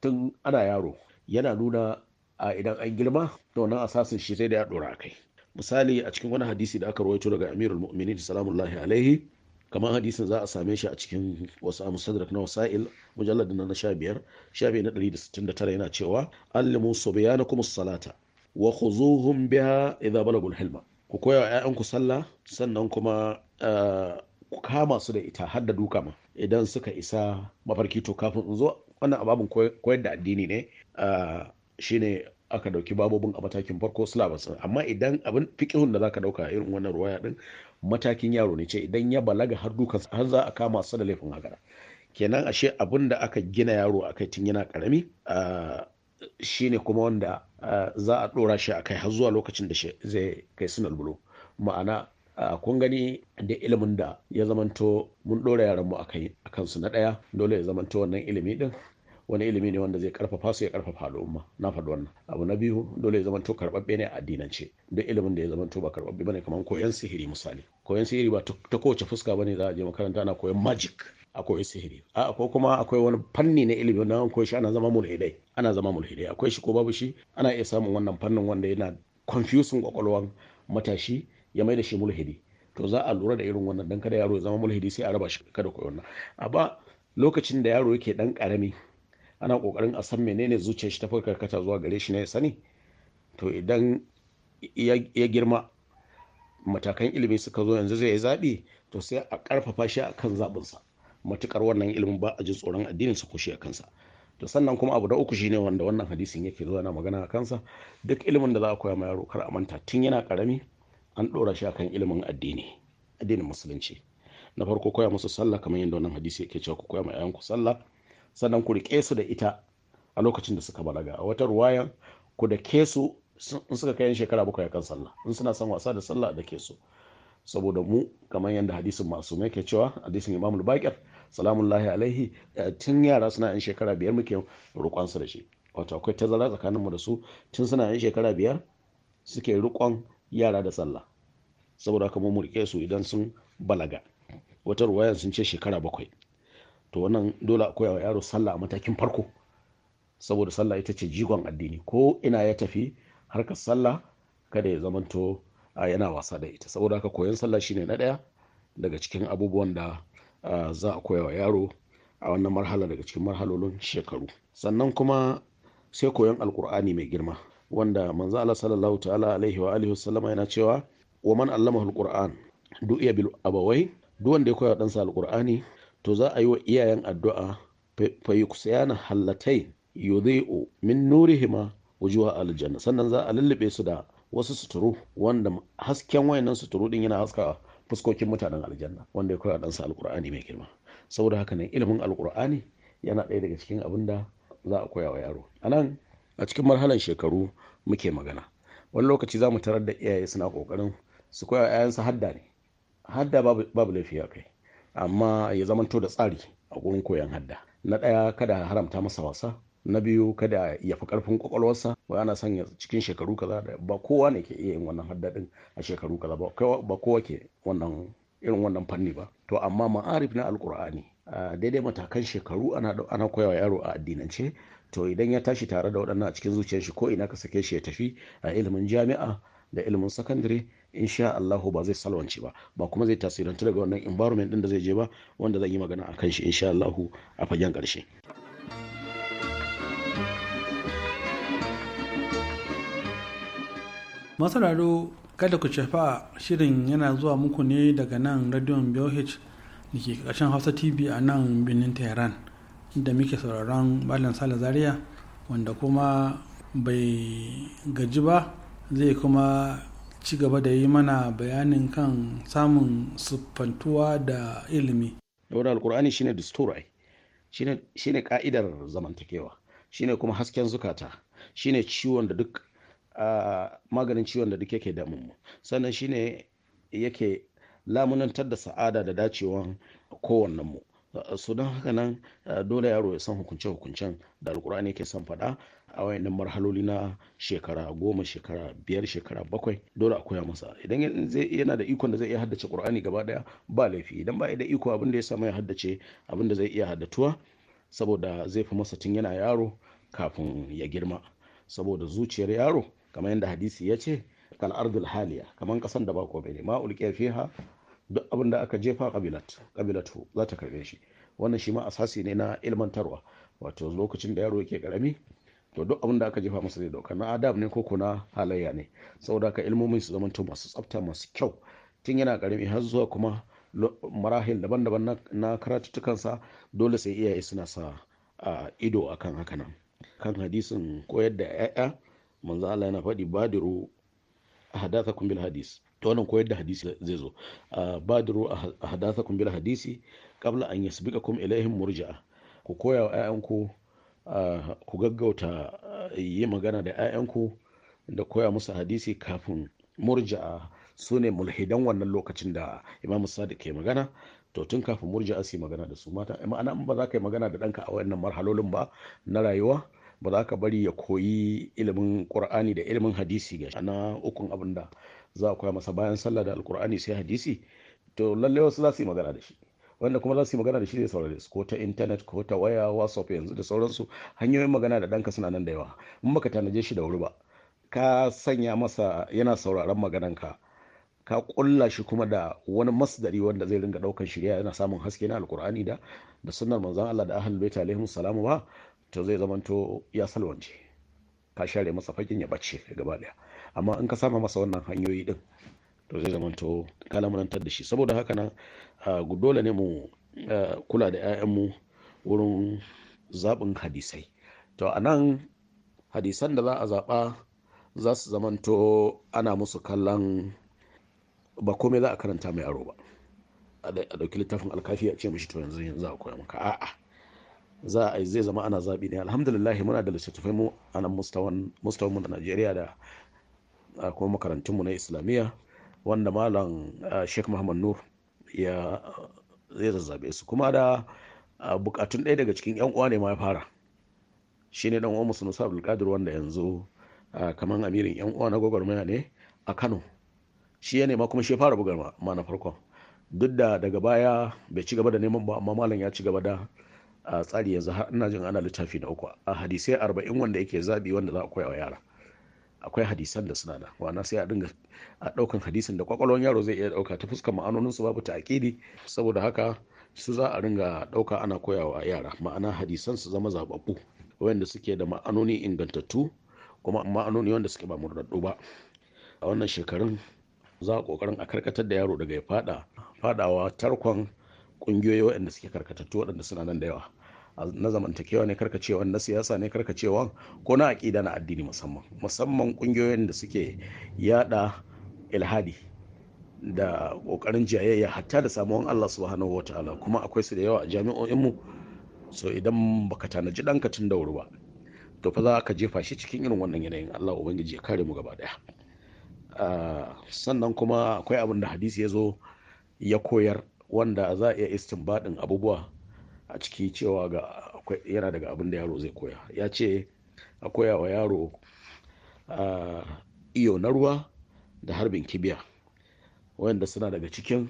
tun ana yaro yana nuna a idan an girma to nan asasin shi sai da ya dora kai misali a cikin wani hadisi da aka rawaito daga amirul mu'minin salamullahi alaihi kamar hadisin za a same shi a cikin wasu musadrak na wasa'il mujalladin na sha biyar shafi na ɗari da sittin da tara yana cewa allimu kuma salata wa khuzuhum biha idza balagul hilma ku koya wa ƴaƴanku sallah sannan kuma eh, ku kama su da ita har da duka ma idan suka isa mafarki to kafin in zo wannan ababin koyar da addini ne eh, shine aka dauki babobin a matakin farko syllabus amma idan abin fikihun da zaka dauka irin wannan ruwaya din matakin yaro ne ce idan ya balaga har dukan har za a kama su da laifin haka kenan ashe abin da aka gina yaro akai tun yana karami ne kuma wanda za a dora shi akai har zuwa lokacin da zai kai sunan bulo ma'ana kun gani da ilimin da ya zamanto mun dora mu a kansu na daya dole ya zamanto wannan ilimi din wani ilimi ne wanda zai karfafa su ya karfafa al'umma na faɗi wannan abu na biyu dole ya zamanto karɓaɓɓe ne a addinance duk ilimin da ya zamanto ba karɓaɓɓe bane kamar koyon sihiri misali koyon sihiri ba ta kowace fuska bane za a je makaranta ana koyon magic a koyi sihiri a ko kuma akwai wani fanni na ilimi wanda an koyi shi ana zama mulhidai ana zama mulhidai akwai shi ko babu shi ana iya samun wannan fannin wanda yana confusing kwakwalwan matashi ya mai da shi mulhidi to za a lura da irin wannan dan kada yaro ya zama mulhidi sai a raba shi kada koyon wannan a ba lokacin da yaro yake dan karami ana kokarin a san menene zuciyar shi ta fi karkata zuwa gare shi ne ya sani to idan ya girma matakan ilimi suka zo yanzu zai yi zaɓi to sai a ƙarfafa shi a kan zaɓinsa matukar wannan ilimin ba a ji tsoron addinin su kushe a kansa to sannan kuma abu da uku shine wanda wannan hadisin yake zuwa na magana a kansa duk ilimin da za a koya ma yaro kar a manta tun yana karami an ɗora shi akan ilimin addini addinin musulunci na farko koya musu sallah kamar yadda wannan hadisi yake cewa ku koya ma 'ya'yanku sallah sannan ku riƙe su da ita a lokacin da suka balaga a wata ruwaya ku da ke su in suka kai shekara bakwai kan sallah in suna son wasa da sallah da ke su saboda mu kamar yadda hadisin masu mai ke cewa hadisin Imamu bakir salamun lahi alaihi eh, tun yara suna yan shekara biyar muke rukonsu da shi wato akwai tazara tsakaninmu da su tun suna yan shekara biyar suke rukon yara da sallah saboda haka mu riƙe su idan sun balaga wata ruwayan sun ce shekara bakwai to wannan dole a koya wa yaro sallah a matakin farko saboda sallah ita ce jigon addini ko ina ya tafi harkar sallah kada ya zamanto yana wasa da ita saboda haka koyon sallah shine na ɗaya daga cikin abubuwan da za a koyawa yaro a wannan marhala daga cikin marhalolin shekaru sannan kuma sai koyon alkur'ani mai girma wanda manzo Allah sallallahu ta'ala alaihi wa alihi wasallama yana cewa wa man allama alquran du'iya bil abawai duk wanda ya koya sa alkur'ani to za a yi wa iyayen addu'a fa yuksiyana hallatai yudhi'u min nurihima wujuha aljanna sannan za a lullube su da wasu suturu wanda hasken wayannan suturu din yana haska fuskokin mutanen aljanna wanda ya koya dan sa alqur'ani mai girma saboda haka nan ilimin alqur'ani yana ɗaya daga cikin abinda za a koya wa yaro anan a cikin marhalan shekaru muke magana wani lokaci za mu tarar da iyaye suna kokarin su koya 'ya'yansa hadda ne hadda babu lafiya kai amma ya zamanto da tsari a gurin koyon hadda na ɗaya kada haramta masa wasa na biyu kada ya fi karfin kwakwalwarsa ba ana son cikin shekaru kaza ba kowa ne ke iya yin wannan haddadin a shekaru kaza ba kowa ke wannan irin wannan fanni ba to amma ma'arif na alkur'ani daidai matakan shekaru ana koyawa yaro a addinance to idan ya tashi tare da waɗannan a cikin zuciyar shi ko ina ka sake shi ya tafi a ilimin jami'a da ilimin sakandare insha Allah ba zai salwance ba ba kuma zai tasiranta daga wannan environment din da zai je ba wanda zan yi magana akan shi insha Allah a fagen karshe masararo kada ku shafa shirin yana zuwa muku ne daga nan radion BOH da ke ƙarshen Hausa TV a nan birnin Tehran da muke sauraron Malam Sale Zaria wanda kuma bai gaji ba zai kuma ci gaba da yi mana bayanin kan samun siffantuwa da ilimi Dauda alkur'ani shine dusturai ne ka'idar zamantakewa shi ne kuma hasken zukata ne ciwon da duk maganin ciwon da duk yake damunmu sannan shi ne yake lamunantar da sa'ada da dacewan kowannenmu su don haka nan dole yaro ya san hukunce-hukuncen da alkur'ani ke son faɗa a wayannan marhaloli na shekara goma shekara biyar shekara bakwai dole a koya masa idan yana da ikon da zai iya haddace qur'ani gaba daya ba laifi idan ba da iko abin da ya samu ya haddace abin da zai iya haddatuwa saboda zai fi masa tun yana yaro kafin ya girma saboda zuciyar yaro kamar yadda hadisi ya ce kal ardul haliya kamar kasan da ba komai ne ma ulqiya fiha duk abin da aka jefa kabilat kabilatu za ta karbe shi wannan shi ma asasi ne na ilmantarwa wato lokacin da yaro yake karami to duk abin da aka jefa masa zai dauka na adab ne ko kuna halayya ne saboda ka ilmomin su zamanta masu tsafta masu kyau tun yana karami har zuwa kuma marahil daban-daban na karatuttukansa dole sai iyaye suna sa ido akan haka nan kan hadisin koyar da 'ya'ya manzo Allah yana faɗi badiru hadathakum bil hadis to wannan koyar da hadisi zai zo badiru hadathakum bil hadisi qabla an yasbiqakum ilaihim murja'a ku koya wa 'ya'yanku ku gaggauta eh, yi magana da 'ya'yanku da koya musu hadisi kafin murja'a su ne mulhidan wannan lokacin da imamu sadiq ke magana to tun kafin murja'a su yi magana da su mata ma'ana ba za ka yi magana da danka a wannan marhalolin ba na rayuwa ba za ka bari ya koyi ilimin qur'ani da ilimin hadisi ga na ukun abin za a koya masa bayan sallah da alqur'ani sai hadisi to lallai wasu za su yi magana da shi wanda kuma za su yi magana da shi zai saurare su ko ta intanet ko ta waya whatsapp yanzu da sauransu hanyoyin magana da ɗanka suna nan da yawa in baka tanaje shi da wuri ba ka sanya masa yana sauraron magananka ka kulla shi kuma da wani masdari wanda zai ringa ɗaukan shirya yana samun haske na alkur'ani da da sunnar manzon Allah da ahlul baiti alaihim salamu ba to zai zamanto ya salwance ka share masa fakin ya bace gaba daya amma in ka sama masa wannan hanyoyi din to zai zamanto kalamantar da shi saboda haka na dole ne mu kula da 'ya'yanmu wurin zaɓin hadisai to a nan hadisan da za a zaɓa za su zamanto ana musu kallon ba komai za a karanta mai aro ba a ɗauki littafin alkafi a ce mashi to yanzu yanzu a koya maka a'a za a zai zama ana zaɓi ne alhamdulillah muna da littattafai mu a nan mustawan mu na najeriya da kuma makarantunmu na islamiyya wanda malam ah, sheikh muhammad nur ya zai zazzabe su kuma da ah, bukatun ɗaya daga cikin 'yan uwa ne ma ya fara shi ne dan uwan musu nusa abdulkadir wanda yanzu ah, kamar amirin 'yan uwa na gwagwarmaya ne a kano shi ya nema kuma shi ya fara bugar ma na farkon duk da daga baya bai ci gaba da neman ba amma malam ya ci gaba da tsari yanzu har ina jin ana littafi na uku a hadisai arba'in wanda yake zabi wanda za a koya wa yara akwai hadisan da suna da wana sai a dinga a daukan hadisan da kwakwalwan yaro zai iya dauka ta fuskar ma'anonin su babu ta akidi saboda haka su za a ringa dauka ana koyawa yara ma'ana hadisan su zama zababbu wanda suke da ma'anoni ingantattu kuma ma'anoni wanda suke ba murdaddu ba a wannan shekarun za a kokarin a karkatar da yaro daga ya fada fadawa tarkon kungiyoyi waɗanda suke karkatattu waɗanda suna nan da yawa na zamantakewa ne cewa, na siyasa ne karkacewa ko na aƙida na addini musamman musamman ƙungiyoyin da suke yada ilhadi da ƙoƙarin jayayya hatta da samuwan Allah subhanahu wataala kuma akwai su da yawa a jami'o'inmu so idan baka tanaji ɗanka tun da wuri ba to fa za ka jefa shi cikin irin wannan yanayin Allah ubangiji ya kare mu gaba daya ah, sannan kuma akwai abin da hadisi ya zo ya koyar wanda za a iya istinbadin abubuwa a ciki cewa ga yana daga abin da yaro zai koya ya ce a koya wa yaro iyo na ruwa da harbin kibiya wanda suna daga cikin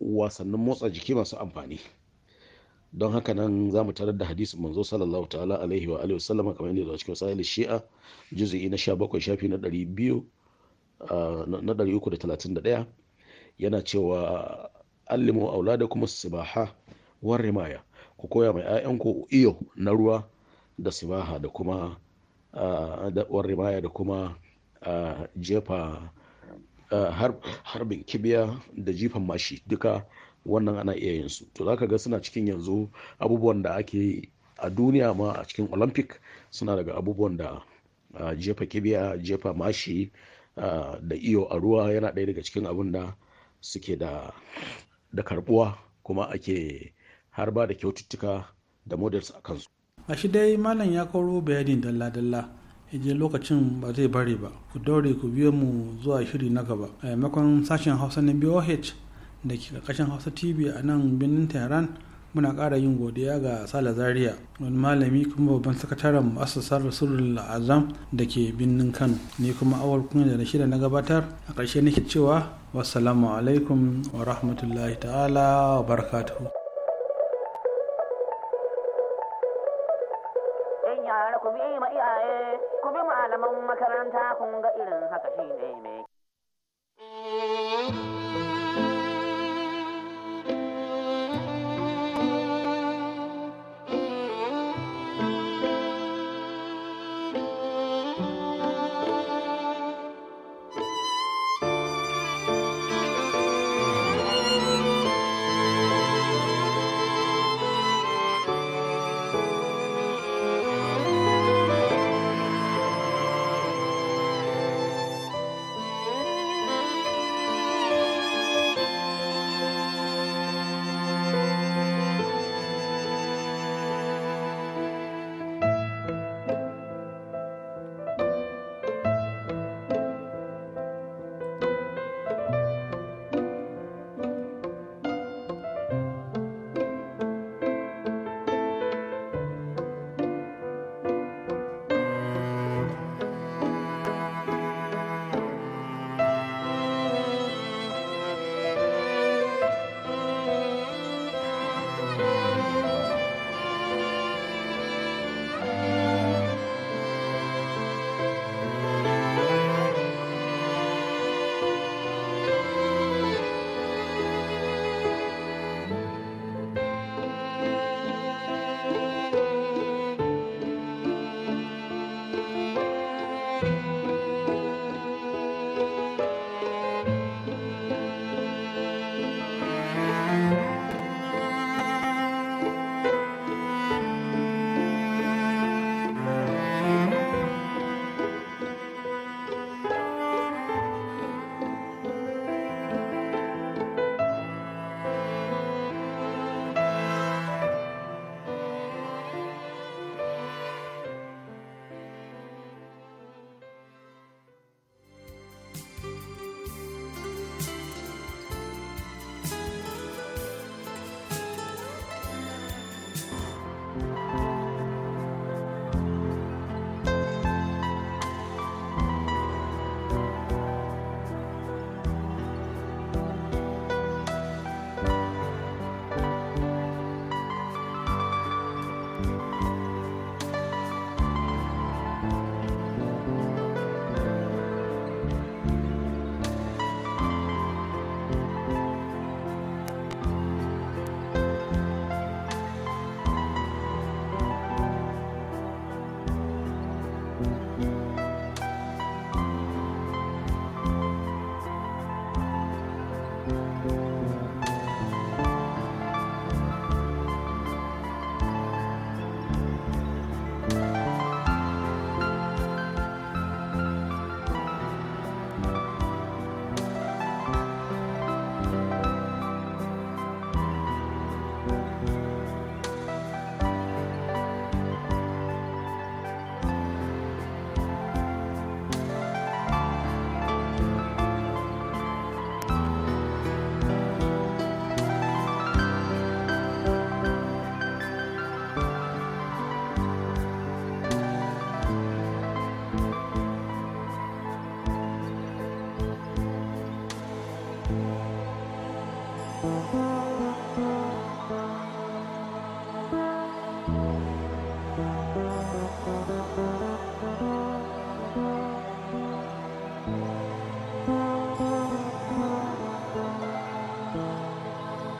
wasannin motsa jiki masu amfani don haka nan za mu tarar da hadisi manzo sallallahu ta'ala alaihi wa alihi wasallam kamar yadda cikin sahih shi'a juz'i na 17 shafi na 200 na 331 yana cewa allimu auladakum kuma sibaha war rimaya ku koya mai ku iyo na ruwa da sibaha da kuma da war rimaya da kuma jefa harbin kibiya da jifan mashi duka wannan ana iya yin su to za ka ga suna cikin yanzu abubuwan da ake yi a duniya ma a cikin olympic suna daga abubuwan da jefa kibiya jefa mashi da iyo a ruwa yana ɗaya daga cikin abin da suke da da karbuwa kuma ake harba da kyaututtuka da models a kansu. a shi dai malam ya koro bayanin dalla-dalla idan lokacin ba zai bari ba ku daure ku biyo mu zuwa shiri na gaba a maimakon sashen hausa na boh da ke karkashin hausa tv a nan birnin tehran muna ƙara yin godiya ga sala zaria wani malami kuma babban sakataren mu'assasar rasulul azam da ke birnin kano ne kuma awal kunya da shida na gabatar a ƙarshe nake cewa wassalamu alaikum wa rahmatullahi ta'ala wa barakatuhu malaman makaranta kun